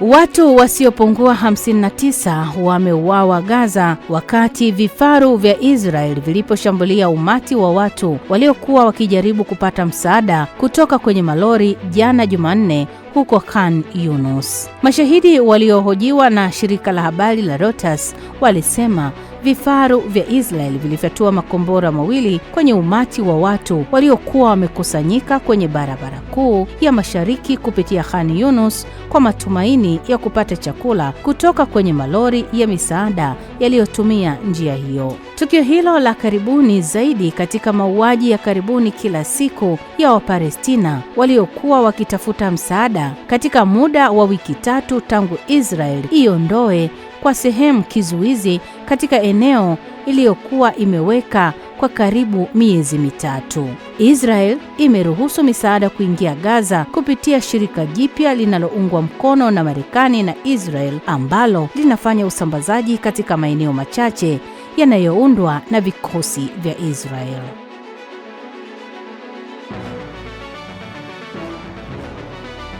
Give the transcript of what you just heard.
Watu wasiopungua 59 wameuawa Gaza wakati vifaru vya Israel viliposhambulia umati wa watu waliokuwa wakijaribu kupata msaada kutoka kwenye malori jana Jumanne huko Khan Yunus. Mashahidi waliohojiwa na shirika la habari la Reuters walisema vifaru vya Israel vilifyatua makombora mawili kwenye umati wa watu waliokuwa wamekusanyika kwenye barabara kuu ya mashariki kupitia Khan Yunus kwa matumaini ya kupata chakula kutoka kwenye malori ya misaada yaliyotumia njia hiyo. Tukio hilo la karibuni zaidi katika mauaji ya karibuni kila siku ya Wapalestina waliokuwa wakitafuta msaada katika muda wa wiki tatu tangu Israel iondoe kwa sehemu kizuizi katika eneo iliyokuwa imeweka kwa karibu miezi mitatu. Israel imeruhusu misaada kuingia Gaza kupitia shirika jipya linaloungwa mkono na Marekani na Israel ambalo linafanya usambazaji katika maeneo machache yanayoundwa na vikosi vya Israel.